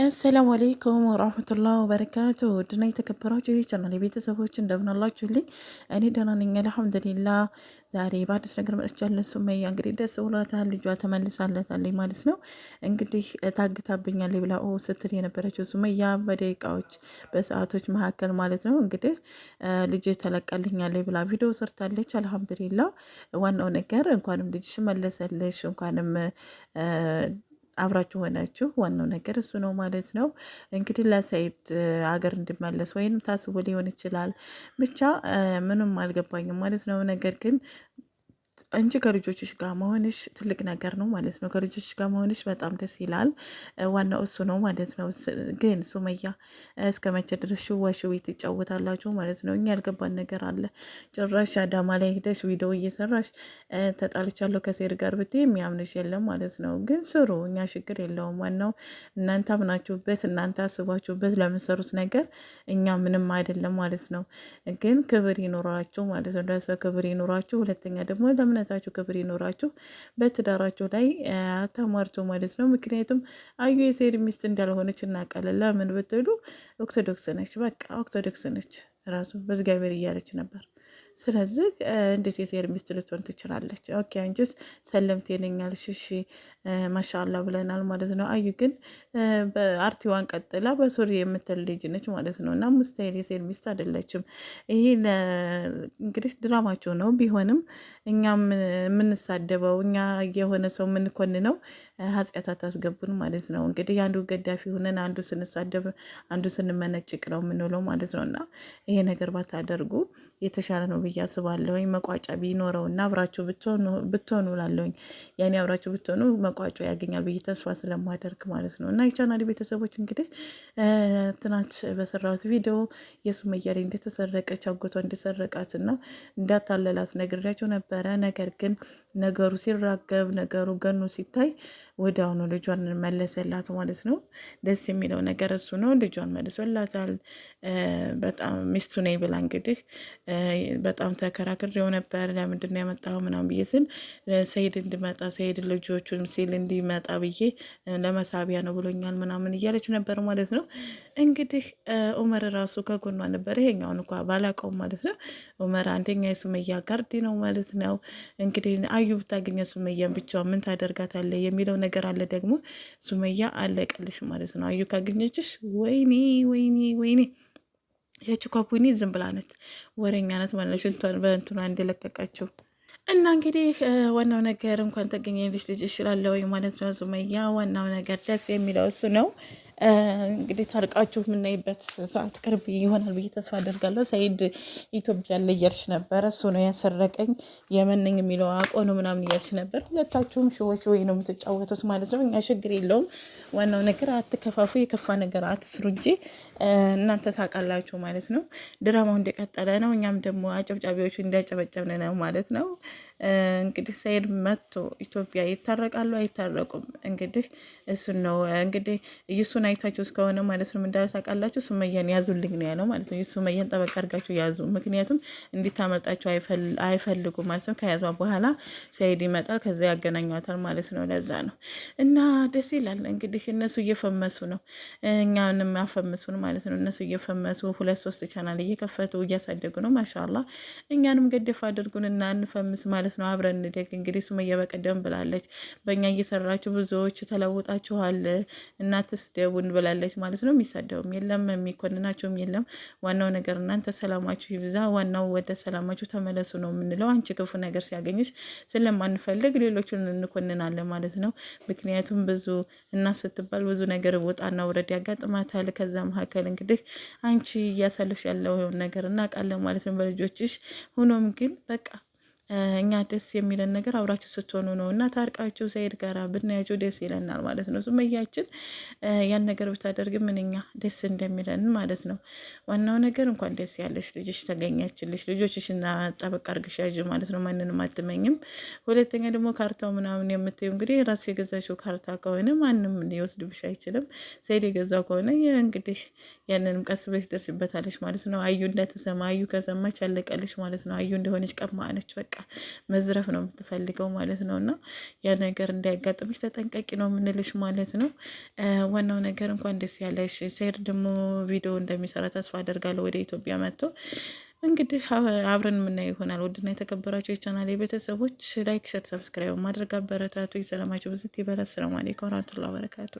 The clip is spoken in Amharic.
አሰላሙ አሌይኩም ወራህመቱላህ ወበረካቱ ድና የተከበራችሁ ይህ ቻናል የቤተሰቦች እንደምናላችሁልኝ፣ እኔ ደህና ነኝ አልሐምዱሊላ። ዛሬ በአዲስ ነገር መጥቻለሁ። ሱመያ እንግዲህ ደስ ብሏታል፣ ልጇ ተመልሳለታለች ማለት ነው። እንግዲህ ታግታብኛለች ብላ ስትል የነበረችው ሱመያ በደቂቃዎች በሰዓቶች መካከል ማለት ነው እንግዲህ ልጅ ተለቃልኛለች ብላ ቪዲዮ ሰርታለች። አልሐምዱሊላ ዋናው ነገር እንኳንም ልጅሽ መለሰልሽ እንኳንም አብራችሁ ሆናችሁ ዋናው ነገር እሱ ነው ማለት ነው። እንግዲህ ለሰኢድ አገር እንዲመለስ ወይም ታስቦ ሊሆን ይችላል ብቻ ምንም አልገባኝም ማለት ነው ነገር ግን እንጂ ከልጆችሽ ጋር መሆንሽ ትልቅ ነገር ነው ማለት ነው። ከልጆችሽ ጋር መሆንሽ በጣም ደስ ይላል። ዋናው እሱ ነው ማለት ነው። ግን ሱመያ እስከ መቼ ድረስ ሽዋሽ ቤት ትጫወታላችሁ ማለት ነው? እኛ ያልገባን ነገር አለ። ጭራሽ አዳማ ላይ ሄደሽ ቪዲዮ እየሰራሽ ተጣልቻለሁ ከሴር ጋር ብትይ የሚያምንሽ የለም ማለት ነው። ግን ስሩ፣ እኛ ችግር የለውም። ዋናው እናንተ አምናችሁበት፣ እናንተ አስባችሁበት ለምንሰሩት ነገር እኛ ምንም አይደለም ማለት ነው። ግን ክብር ይኖራችሁ ማለት ነው። ለሰው ክብር ይኖራችሁ። ሁለተኛ ደግሞ ለምን በእውነታችሁ ክብር ይኖራችሁ በትዳራችሁ ላይ ተማርቶ ማለት ነው። ምክንያቱም አዩ የሰኢድ ሚስት እንዳልሆነች እናውቃለን። ለምን ብትሉ ኦርቶዶክስ ነች፣ በቃ ኦርቶዶክስ ነች ራሱ በእግዚአብሔር እያለች ነበር። ስለዚህ እንዴት የሴር ሚስት ልትሆን ትችላለች? ኦኬ አንቺስ ሰለምቴ ነኝ አልሽ። ማሻላ ብለናል ማለት ነው። አዩ ግን በአርቲዋን ቀጥላ በሱሪ የምትል ልጅ ነች ማለት ነው። እና ሙስታይል የሴር ሚስት አይደለችም። ይሄ እንግዲህ ድራማቸው ነው። ቢሆንም እኛ የምንሳደበው እኛ የሆነ ሰው የምንኮንነው ኃጢአት አታስገቡን ማለት ነው። እንግዲህ አንዱ ገዳፊ ሆነን አንዱ ስንሳደብ አንዱ ስንመነጭቅ ነው የምንውለው ማለት ነው። እና ይሄ ነገር ባታደርጉ የተሻለ ነው ነው ብዬ አስባለሁኝ። መቋጫ ቢኖረው እና አብራችሁ ብትሆኑ ላለሁኝ ያኔ አብራችሁ ብትሆኑ መቋጫ ያገኛል ብዬ ተስፋ ስለማደርግ ማለት ነው። እና የቻናል ቤተሰቦች እንግዲህ ትናንት በሰራሁት ቪዲዮ የሱመያ ላይ እንደተሰረቀች አጎቷ እንደሰረቃት እና እንዳታለላት ነግሬያቸው ነበረ። ነገር ግን ነገሩ ሲራገብ ነገሩ ገኖ ሲታይ ወደ አሁኑ ልጇን መለሰላት ማለት ነው። ደስ የሚለው ነገር እሱ ነው። ልጇን መልሶላታል። በጣም ሚስቱ ነኝ ብላ እንግዲህ በጣም ተከራክሬው ነበር። ለምንድን ነው ያመጣው ምናም ብዬ ስል ሰይድ እንዲመጣ ሰይድ ልጆቹን ሲል እንዲመጣ ብዬ ለመሳቢያ ነው ብሎኛል ምናምን እያለች ነበር ማለት ነው። እንግዲህ ኡመር ራሱ ከጎኗ ነበር። ይሄኛውን እንኳ ባላቀውም ማለት ነው። ኡመር አንደኛ የሱመያ ጋርዲ ነው ማለት ነው እንግዲህ አዩ ብታገኘ ሱመያን ብቻዋን ምን ታደርጋታለህ የሚለው ነገር አለ። ደግሞ ሱመያ አለቀልሽ ማለት ነው። አዩ ካገኘችሽ ወይኔ ወይኔ ወይኔ ያቺ ኳቡኒ ዝም ብላ ወረኛ ናት ማለት ነው። በእንትኗ እንደለቀቀችው እና እንግዲህ ዋናው ነገር እንኳን ተገኘልሽ ልጅ እችላለሁ ማለት ነው ሱመያ። ዋናው ነገር ደስ የሚለው እሱ ነው። እንግዲህ ታርቃችሁ የምናይበት ሰዓት ቅርብ ይሆናል ብዬ ተስፋ አደርጋለሁ። ሰይድ ኢትዮጵያ ላይ እያልሽ ነበረ። እሱ ነው ያሰረቀኝ የመነኝ የሚለው አቆ ነው ምናምን እያልሽ ነበር። ሁለታችሁም ሾዎች ወይ ነው የምትጫወቱት ማለት ነው። እኛ ችግር የለውም ዋናው ነገር አትከፋፉ፣ የከፋ ነገር አትስሩ እንጂ እናንተ ታውቃላችሁ ማለት ነው። ድራማው እንደቀጠለ ነው። እኛም ደግሞ አጨብጫቢዎቹ እንዳጨበጨብን ነው ማለት ነው። እንግዲህ ሰኢድ መጥቶ ኢትዮጵያ ይታረቃሉ አይታረቁም? እንግዲህ እሱን ነው እንግዲህ እሱን አይታችሁ እስከሆነ ማለት ነው እንዳለ ታውቃላችሁ። ሱመያን ያዙልኝ ነው ያለው ማለት ነው። ሱመያን ጠበቅ አድርጋችሁ ያዙ፣ ምክንያቱም እንዲታመልጣችሁ አይፈልጉም ማለት ነው። ከያዟ በኋላ ሰኢድ ይመጣል፣ ከዚያ ያገናኟታል ማለት ነው። ለዛ ነው እና ደስ ይላል እንግዲህ እንግዲህ እነሱ እየፈመሱ ነው፣ እኛንም አፈምሱን ማለት ነው። እነሱ እየፈመሱ ሁለት ሶስት ቻናል እየከፈቱ እያሳደጉ ነው። ማሻላ እኛንም ገደፍ እና እንፈምስ ማለት ነው። አብረን እንደግ። እንግዲህ ሱመያ በቀደም ብላለች፣ በእኛ እየሰራችሁ ብዙዎች ተለውጣችኋል፣ እናትስደቡን ብላለች ማለት ነው። የሚሳደቡም የለም የሚኮንናቸውም የለም። ዋናው ነገር እናንተ ሰላማችሁ ይብዛ፣ ዋናው ወደ ሰላማችሁ ተመለሱ ነው የምንለው። አንቺ ክፉ ነገር ሲያገኝሽ ስለማንፈልግ ሌሎቹን እንኮንናለን ማለት ነው። ምክንያቱም ብዙ እናስ ስትባል ብዙ ነገር ውጣና ውረድ ያጋጥማታል። ከዛ መካከል እንግዲህ አንቺ እያሳለፍሽ ያለው ነገር እና ቃለ ማለት ነው በልጆችሽ ሆኖም ግን በቃ እኛ ደስ የሚለን ነገር አብራችሁ ስትሆኑ ነው እና ታርቃችሁ ሰኢድ ጋራ ብናያቸው ደስ ይለናል ማለት ነው። ሱመያችን ያን ነገር ብታደርግ ምንኛ ደስ እንደሚለን ማለት ነው። ዋናው ነገር እንኳን ደስ ያለሽ ልጅሽ ተገኛችልሽ። ልጆችሽና ጠበቅ አርግሽ ማለት ነው። ማንንም አትመኝም። ሁለተኛ ደግሞ ካርታው ምናምን የምትዩ እንግዲህ ራሱ የገዛሽው ካርታ ከሆነ ማንም ሊወስድብሽ አይችልም። ሰኢድ የገዛው ከሆነ እንግዲህ ያንንም ቀስ ብለሽ ደርስበታለሽ ማለት ነው። አዩ እንዳትሰማ አዩ ከሰማች አለቀልሽ ማለት ነው። አዩ እንደሆነች ቀማ አለች በቃ በቃ መዝረፍ ነው የምትፈልገው ማለት ነው። እና ያ ነገር እንዳያጋጥምሽ ተጠንቀቂ ነው የምንልሽ ማለት ነው። ዋናው ነገር እንኳን ደስ ያለሽ። ሴር ደግሞ ቪዲዮ እንደሚሰራ ተስፋ አደርጋለሁ ወደ ኢትዮጵያ መጥቶ እንግዲህ አብረን የምናየው ይሆናል። ውድና የተከበራችሁ የቻናል የቤተሰቦች ላይክ፣ ሸር፣ ሰብስክራይብ ማድረግ አበረታቱ። የሰላማችሁ ብዝት ይበላ። አሰላሙ አለይኩም ወራህመቱላሂ ወበረካቱ